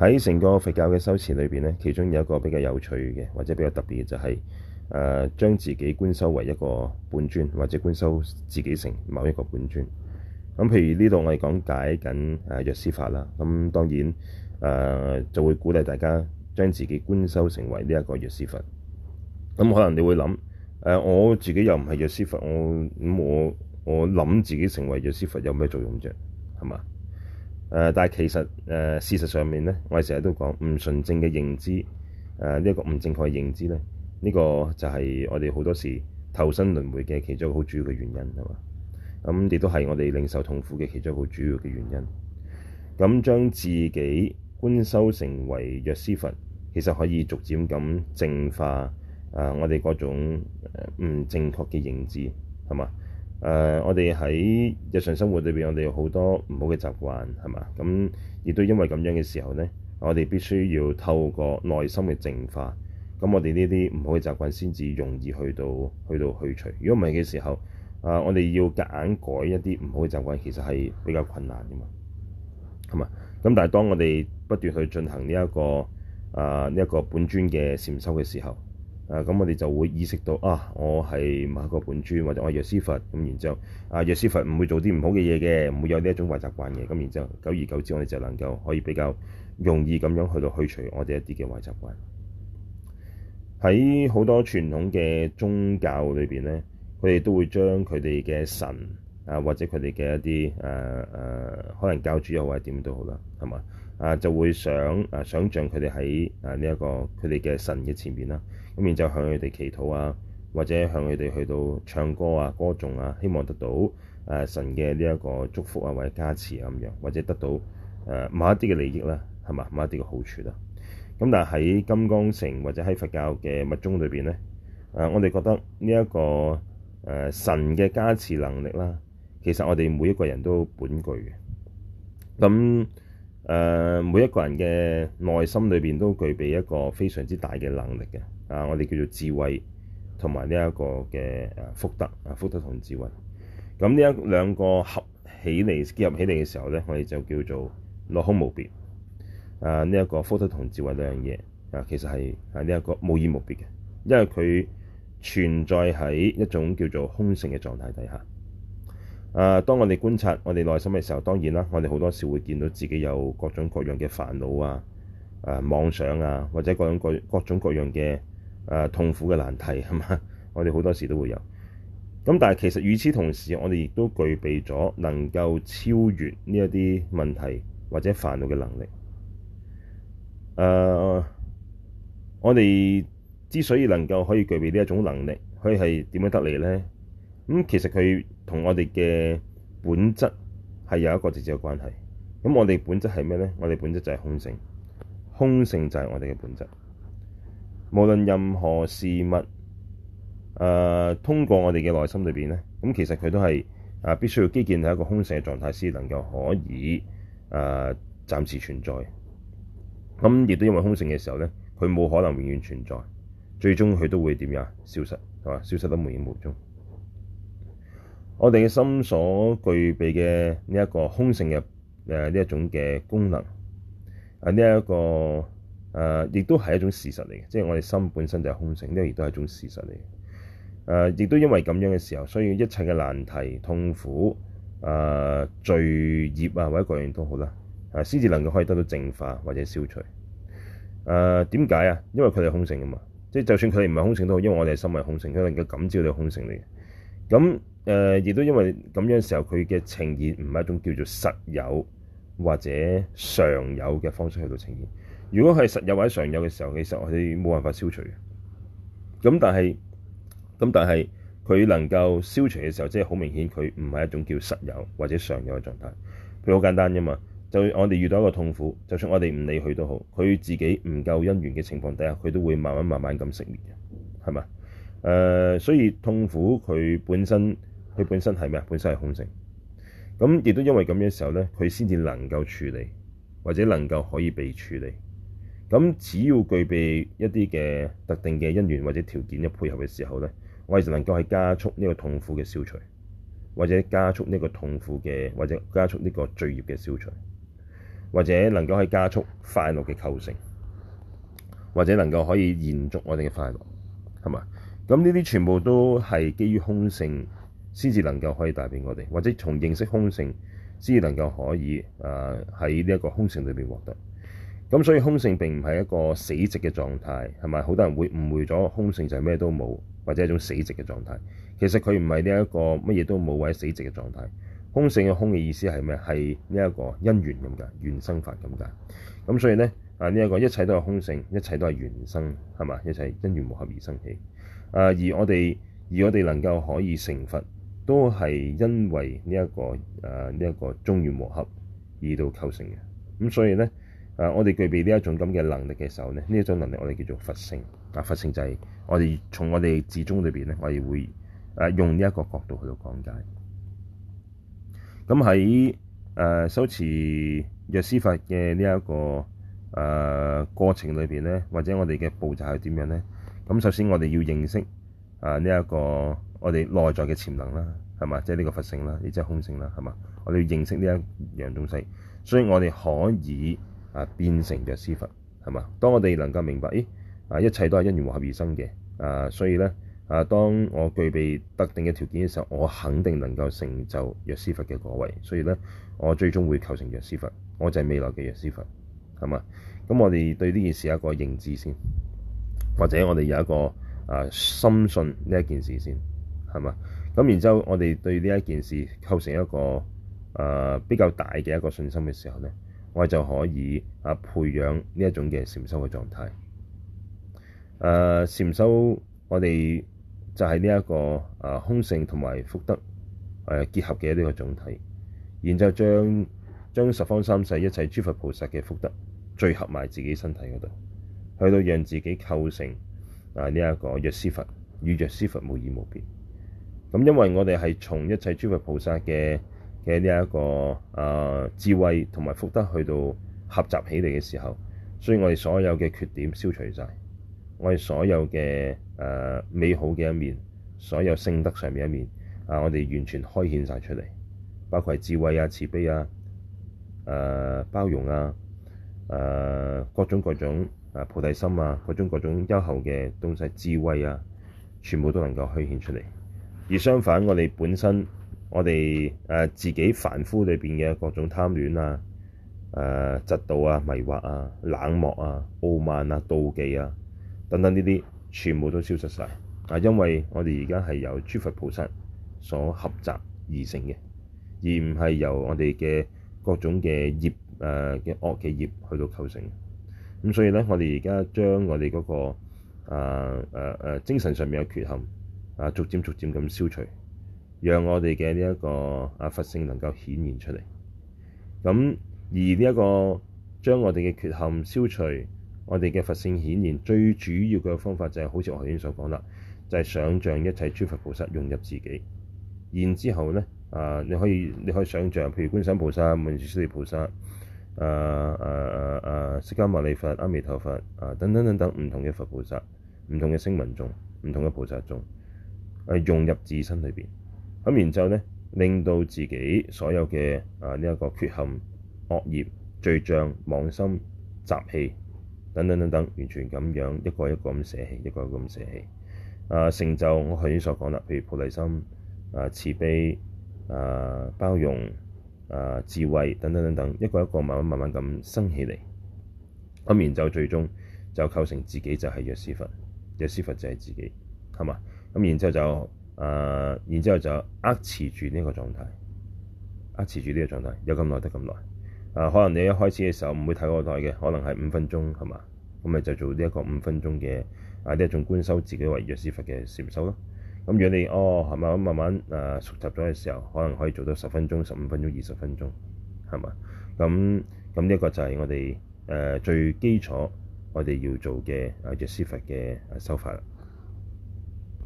喺成個佛教嘅修持裏邊咧，其中有一個比較有趣嘅，或者比較特別嘅，就係、是、誒、呃、將自己觀修為一個本尊，或者觀修自己成某一個本尊。咁譬如呢度我哋講解緊誒藥師法啦，咁當然誒、呃、就會鼓勵大家將自己觀修成為呢一個藥師佛。咁可能你會諗誒、呃、我自己又唔係藥師佛，我我我諗自己成為藥師佛有咩作用啫？係嘛？但係其實、呃、事實上面咧，我哋成日都講唔純正嘅認知，呢、呃、一、這個唔正確嘅認知咧，呢、這個就係我哋好多時投身輪迴嘅其中一個好主要嘅原因係嘛？咁、嗯、亦都係我哋領受痛苦嘅其中一個好主要嘅原因。咁將自己觀修成為藥師佛，其實可以逐漸咁淨化誒、呃、我哋各種唔正確嘅認知係嘛？誒、呃，我哋喺日常生活裏面，我哋有好多唔好嘅習慣，係嘛？咁亦都因為咁樣嘅時候咧，我哋必須要透過內心嘅淨化，咁我哋呢啲唔好嘅習慣先至容易去到去到去除。如果唔係嘅時候，啊、呃，我哋要夾硬改一啲唔好嘅習慣，其實係比較困難嘅嘛，係嘛？咁但係當我哋不斷去進行呢、這、一個啊呢一個本尊嘅禪修嘅時候，誒咁、啊、我哋就會意識到啊，我係買個本尊或者我係藥師佛。咁，然之後啊藥師佛唔會做啲唔好嘅嘢嘅，唔會有呢一種壞習慣嘅。咁然之後久而久之，我哋就能夠可以比較容易咁樣去到去除我哋一啲嘅壞習慣。喺好多傳統嘅宗教裏邊咧，佢哋都會將佢哋嘅神啊，或者佢哋嘅一啲誒誒，可能教主又或者點都好啦，係嘛？啊，就會想啊，想象佢哋喺啊呢一、這個佢哋嘅神嘅前面啦。咁、啊、然之後向佢哋祈禱啊，或者向佢哋去到唱歌啊、歌頌啊，希望得到啊神嘅呢一個祝福啊，或者加持啊咁樣，或者得到誒、啊、某一啲嘅利益啦，係、啊、嘛某一啲嘅好處啦。咁、啊、但係喺金剛城或者喺佛教嘅密宗裏邊咧，誒、啊、我哋覺得呢、這、一個誒、啊、神嘅加持能力啦、啊，其實我哋每一個人都本具嘅咁。誒、呃，每一個人嘅內心裏邊都具備一個非常之大嘅能力嘅，啊，我哋叫做智慧同埋呢一個嘅誒福德啊，福德同智慧，咁呢一兩個合起嚟結合起嚟嘅時候咧，我哋就叫做落空無別。啊，呢、這、一個福德同智慧兩樣嘢啊，其實係係呢一個無二無別嘅，因為佢存在喺一種叫做空性嘅狀態底下。啊！當我哋觀察我哋內心嘅時候，當然啦，我哋好多時會見到自己有各種各樣嘅煩惱啊、啊妄想啊，或者各種各各種各樣嘅啊痛苦嘅難題，係嘛？我哋好多時都會有。咁但係其實與此同時，我哋亦都具備咗能夠超越呢一啲問題或者煩惱嘅能力。誒、啊，我哋之所以能夠可以具備呢一種能力，佢係點樣得嚟咧？咁其實佢同我哋嘅本質係有一個直接嘅關係。咁我哋本質係咩咧？我哋本質就係空性，空性就係我哋嘅本質。無論任何事物，誒、呃、通過我哋嘅內心裏邊咧，咁其實佢都係啊必須要基建喺一個空性嘅狀態，先能夠可以啊、呃、暫時存在。咁亦都因為空性嘅時候咧，佢冇可能永遠存在，最終佢都會點樣呀？消失係嘛？消失得無影無蹤。我哋嘅心所具備嘅呢一個空性嘅誒呢一種嘅功能，誒呢一個誒亦都係一種事實嚟嘅，即係我哋心本身就係空性，呢亦都係一種事實嚟嘅。誒、呃，亦都因為咁樣嘅時候，所以一切嘅難題、痛苦、誒、呃、罪孽啊，或者各樣都好啦，啊先至能夠可以得到淨化或者消除。誒點解啊？因為佢哋係空性啊嘛，即係就算佢哋唔係空性都好，因為我哋心係空性，佢能夠感召到空性嚟嘅。咁誒，亦、呃、都因為咁樣時候，佢嘅呈現唔係一種叫做實有或者常有嘅方式去到呈現。如果係實有或者常有嘅時候，其實我哋冇辦法消除嘅。咁但係，咁但係，佢能夠消除嘅時候，即係好明顯，佢唔係一種叫實有或者常有嘅狀態。譬如好簡單啫嘛，就我哋遇到一個痛苦，就算我哋唔理佢都好，佢自己唔夠因緣嘅情況底下，佢都會慢慢慢慢咁熄滅嘅，係嘛？誒、呃，所以痛苦佢本身，佢本身係咩啊？本身係空性。咁亦都因為咁樣嘅時候咧，佢先至能夠處理，或者能夠可以被處理。咁只要具備一啲嘅特定嘅因緣或者條件嘅配合嘅時候咧，我哋就能夠係加速呢個痛苦嘅消除，或者加速呢個痛苦嘅，或者加速呢個罪業嘅消除，或者能夠可以加速快樂嘅構成，或者能夠可以延續我哋嘅快樂，係咪啊？咁呢啲全部都係基於空性先至能夠可以帶俾我哋，或者從認識空性先至能夠可以誒喺呢一個空性裏面獲得。咁所以空性並唔係一個死寂嘅狀態，係咪？好多人會誤會咗空性就係咩都冇，或者一種死寂嘅狀態。其實佢唔係呢一個乜嘢都冇或者死寂嘅狀態。空性嘅空嘅意思係咩？係呢一個因緣咁㗎，緣生法咁㗎。咁所以咧啊，呢一個一切都係空性，一切都係緣生係嘛？一切因緣和合而生起。啊！而我哋而我哋能夠可以成佛，都係因為呢、這、一個誒呢一個眾緣和合而到構成嘅。咁所以咧，誒、啊、我哋具備呢一種咁嘅能力嘅時候咧，呢一種能力我哋叫做佛性。啊，佛性就係我哋從我哋自宗裏邊咧，我哋會誒用呢一個角度去到講解。咁喺誒修持藥師法嘅呢一個誒、啊、過程裏邊咧，或者我哋嘅步驟係點樣咧？咁首先我哋要認識啊呢一個我哋內在嘅潛能啦，係嘛？即係呢個佛性啦，亦即係空性啦，係嘛？我哋要認識呢一樣東西，所以我哋可以啊變成藥師佛，係嘛？當我哋能夠明白，咦啊，一切都係因緣和合而生嘅啊，所以咧啊，當我具備特定嘅條件嘅時候，我肯定能夠成就藥師佛嘅果位，所以咧我最終會求成藥師佛，我就係未來嘅藥師佛，係嘛？咁我哋對呢件事有一個認知先。或者我哋有一個啊、呃、深信呢一件事先，係嘛？咁然之後我哋對呢一件事構成一個啊、呃、比較大嘅一個信心嘅時候咧，我哋就可以啊、呃、培養呢一種嘅禪修嘅狀態。誒、呃、禪修我、這個，我哋就係呢一個啊空性同埋福德誒、呃、結合嘅呢個總體，然後就將將十方三世一切諸佛菩薩嘅福德聚合埋自己身體嗰度。去到讓自己構成啊呢一個藥師佛與藥師佛無二無別。咁因為我哋係從一切諸佛菩薩嘅嘅呢一個啊智慧同埋福德去到合集起嚟嘅時候，所以我哋所有嘅缺點消除晒。我哋所有嘅誒美好嘅一面，所有性德上面一面啊，我哋完全開顯晒出嚟，包括智慧啊、慈悲啊、誒包容啊、誒各種各種。啊菩提心啊，各種各種優厚嘅東西智慧啊，全部都能夠虛顯出嚟。而相反，我哋本身，我哋誒、呃、自己凡夫裏邊嘅各種貪戀啊、誒嫉妒啊、迷惑啊、冷漠啊、傲慢啊、妒忌啊等等呢啲，全部都消失晒。啊，因為我哋而家係由諸佛菩薩所合集而成嘅，而唔係由我哋嘅各種嘅業誒嘅、呃、惡嘅業去到構成。咁所以咧，我哋而家將我哋嗰、那個啊誒、啊、精神上面嘅缺陷啊，逐漸逐漸咁消除，讓我哋嘅呢一個啊佛性能夠顯現出嚟。咁而呢一個將我哋嘅缺陷消除，我哋嘅佛性顯現，最主要嘅方法就係、是、好似我頭先所講啦，就係、是、想像一切諸佛菩薩融入自己。然之後咧，啊你可以你可以想像，譬如觀世音菩薩、文殊師利菩薩。啊啊啊啊！釋、啊啊、迦牟尼佛、阿彌陀佛啊等等等等唔同嘅佛菩薩、唔同嘅聲聞眾、唔同嘅菩薩眾，係、啊、融入自身裏邊。咁、啊、然之後咧，令到自己所有嘅啊呢一、這個缺陷、惡業、罪障、妄心、雜氣等等等等，完全咁樣一個一個咁捨棄，一個一個咁捨棄。啊，成就我頭先所講啦，譬如菩提心、啊慈悲、啊包容。呃、智慧等等等等，一個一個慢慢慢慢咁生起嚟，咁然之後最終就構成自己就係藥師佛，藥師佛就係自己，係嘛？咁然之後就呃，然之後就呃持住呢個狀態，呃持住呢個狀態，有咁耐得咁耐，啊，可能你一開始嘅時候唔會睇我耐嘅，可能係五分鐘係嘛？咁咪就做呢一個五分鐘嘅啊呢一種觀修自己為藥師佛嘅禪修咯。咁如果你哦係嘛，咁慢慢誒熟習咗嘅時候，可能可以做到十分鐘、十五分鐘、二十分鐘，係嘛？咁呢一個就係我哋誒、呃、最基礎，我哋要做嘅阿藥師法嘅誒修法啦。